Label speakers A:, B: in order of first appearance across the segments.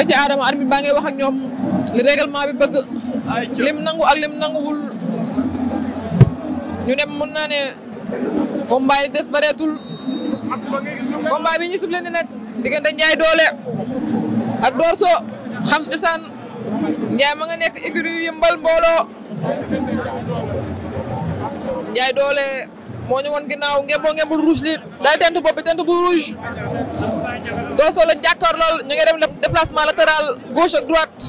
A: ba ci Adama arbitre baa ngay wax ak ñoom li règlement bi bëgg lim nangu ak lim nanguwul ñu dem mën naa ne combat yi bareetul combat bi ñu sufle ni nag diggante Ndiaye doole ak Dorso xam cosaan Ndiaye ma nga nekk écurie yëmbal mbooloo Ndiaye doole moo ñu woon ginnaaw ngeen boo ngeen bu rouge li day tent bopp bi tent bu rouge doo solo jàkkaar lool ñu ngi dem déplacement latéral gauche ak droite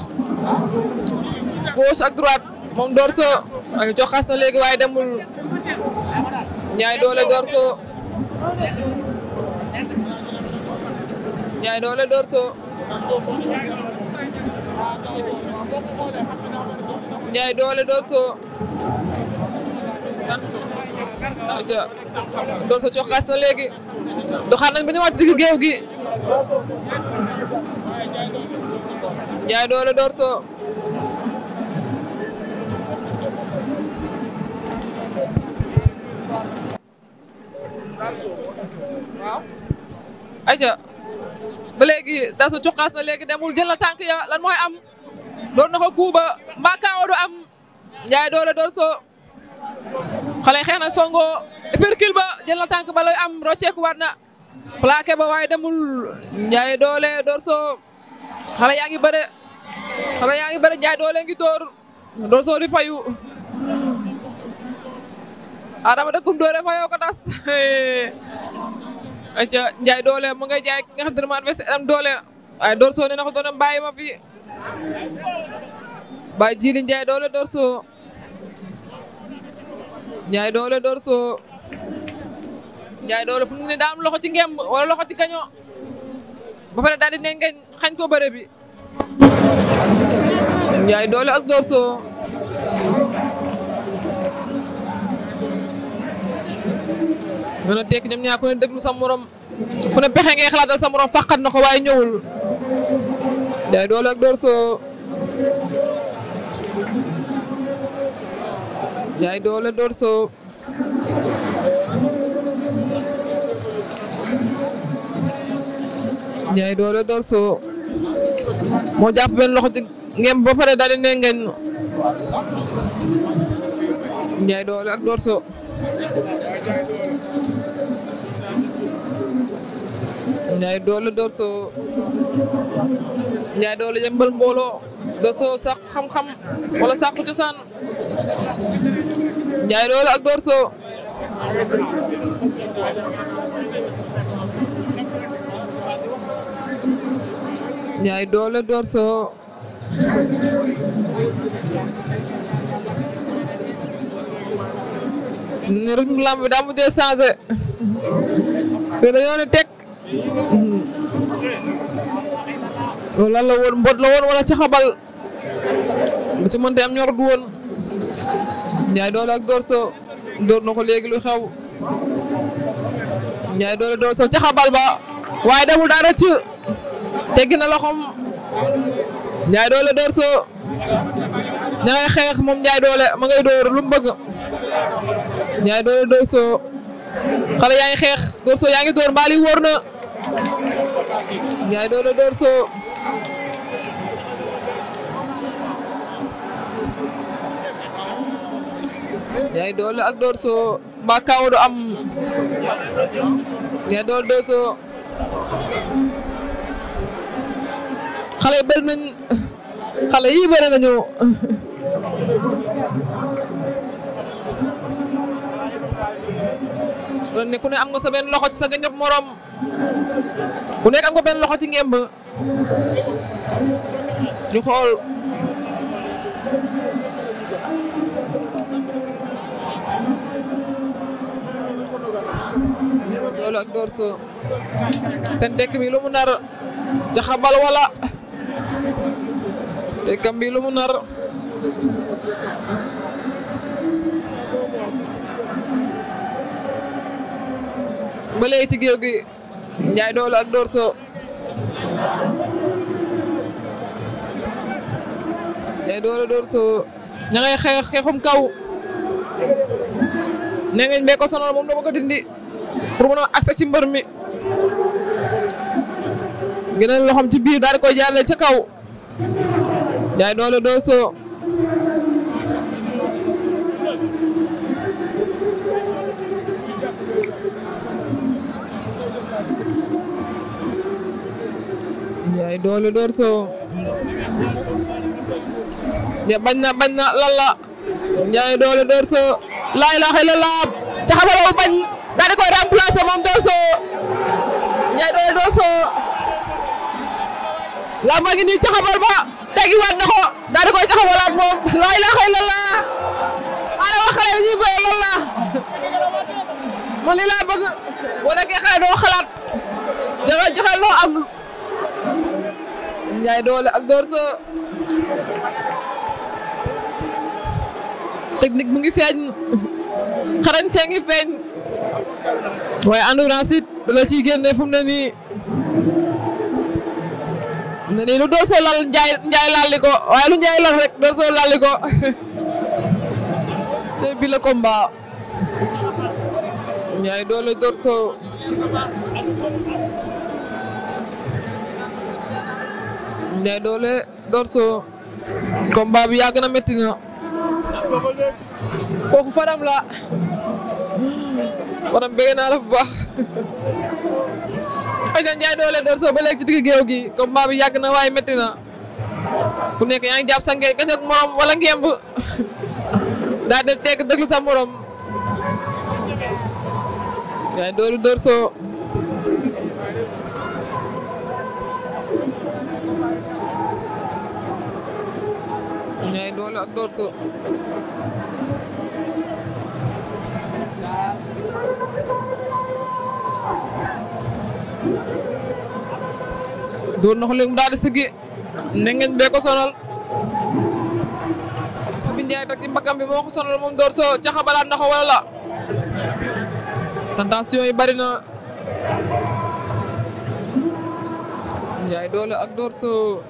A: gauche a ngi léegi waaye demul doole Dorso ñaay doole Dorso ñaay doole Dorso ayca Dolfo Cox xas na léegi doxaan nañ ba ñëwaat ci digg géew gi. Njaay doole ba léegi Dolfo Cox demul jël na tànk ya lan mooy am. doon na ko kuuba mbaa kaawa du am. Njaay doole Dolfo. xale xeex na songo percule ba jël na tànk bala lay am rocceeku waat na ba waaye demul njaay doole dorso xale yaa ngi bëre xale yaa ngi bëre njaay doole ngi dóor dorso di fayu adama dëkkum dóore fayoo ko tas aca njaay doole mu ngay jaay nga xam te ne moo adversaire am doole waaye dorso nee na ko doonam ma fi bàyyi jili njaay doole dorso Ndiaye doole door soo doole fu ne daa loxo ci ngemb wala loxo ci gaño ba pare daal di ne ngeen xañ ko bëre bi doole ak door soo mën a tekk ñoom ñaar ku ne déglu sa morom ku ne pexe ngay xalaatal sa morom fàqat na ko waaye ñëwul Ndiaye doole ak door Ndiaye doole Dorso Ndiaye doole Dorso moo jàpp benn loxo ci ngeen ba pare daal di ne ngeen Ndiaye doole ak Dorso Ndiaye doole Dorso Ndiaye doole yëmbal mbooloo Dorso sàkku xam-xam wala sàkku cosaan Ndiaye Doole ak Dorso Ndiaye Doole Dorso ne rim lamb daa mujjee changé te dañoo ne teg lan la woon mbot la woon wala caxabal lu ci mën te am ñor du Ndiaye doole ak Dorso door na ko léegi lu xew Ndiaye doole Dorso ca xabal ba waaye demul dara ci teggi na loxoom Ndiaye doole Dorso ña ngay xeex moom Ndiaye doole ma ngay door lu mu bëgg Ndiaye doole Dorso xale yaa xeex Dorso yaa ngi door mbaali wóor na Ndiaye doole Dorso. ñay doole ak door so ma kaw do am ñay doole door so xale yi bëri nañ xale yi bëri nañu doon ne ku ne am nga sa benn loxo ci sa gëñëb morom ku nekk am nga benn loxo ci ngemb ñu xool Bawol ak Dóor Sóor seen dëkk bi mu nar jaxabal wala dëkkam bi lu nar ba léegi ci géew gi Njaay Doole ak Dóor Sóor Njaay Doole Dóor Sóor ña ngay xeexum kaw ne ngeen bee ko sonal moom dama ko dindi pour mën a accès ci mbër mi geneen loxoom ci biir daal di koy jaarale ca kaw jaay doole dooso jaay doole dooso ja bañ na bañ na lalla jaay doole dooso laay laaxee la laab ca xamaloo bañ daal di koy moom Dorso Ndiaye doole Dorso la ngi nii caxabal ba tegiwaat na ko daal di koy caxabalaat moom laa la man li laa bëgg boo nekkee xale xalaat loo am Ndiaye doole ak Dorso technique mu ngi feeñ xarañte ngi feeñ waaye endurance it la ciy génne fu mu ne nii ne nii lal njaay njaay lalli ko waaye lu njaay lal rek door soo lalli ko te bi la combat njaay doole door njaay doole door soo bi yàgg na métti na kooku la maanaam bëgg naa la bu baax. Aïssa Ndiaye doole door soo ba léegi ci digg géew gi combat bi yàgg na waaye métti na ku nekk yaa ngi jàpp sa ngeen kañ ak morom wala ngemb daa sa morom. yaay dooru dóor soo yaay doolu ak dóor soo dóor na ko léegi mu daal siggi ndengeñ bee ko sonal Papi Ndiaye teg ci mbaggam bi moo ko sonal moom dóor soo caxabalaat na ko wala tentation yi bari na Ndiaye doole ak dóor soo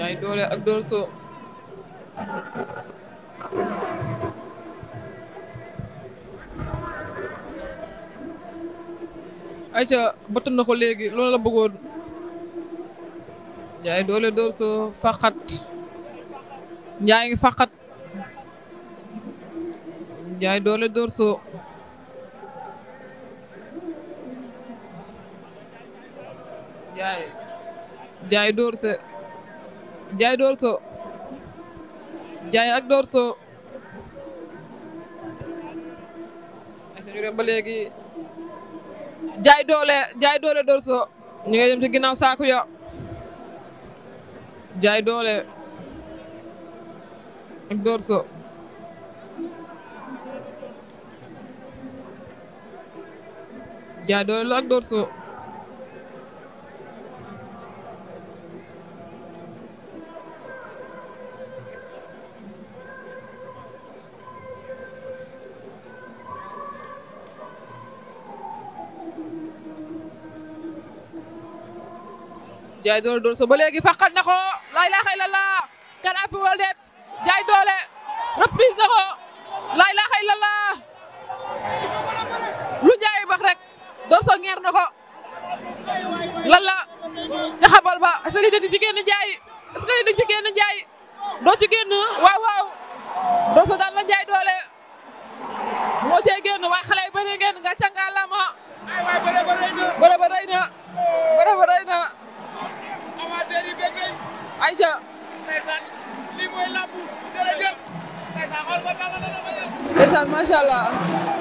A: Njaay doole ak Dóor soo Aïcha bëtt na ko léegi loolu la bëggoon Njaay doole Dóor soo faqat jaay ngi faqat doole Dóor soo Njaay Njaay Dóor soo jaay doorso jaay ak doorso ñu dem ba léegi jaay doole jaay doole doorso ñu ngi dem ci ginnaaw saaku ya jaay doole ak doorso jaay doole ak doorso jaay doole door so ba léegi faqat na ko laa ilaaha illallah kan appi jaay doole reprise na ko laa ilaaha illallah lu jaay bax door so ngeer na ko lan la ca xabal ba est-ce que lii dañ jaay est-ce que lii jaay doo ci génn door so daan ndeysaan macha allah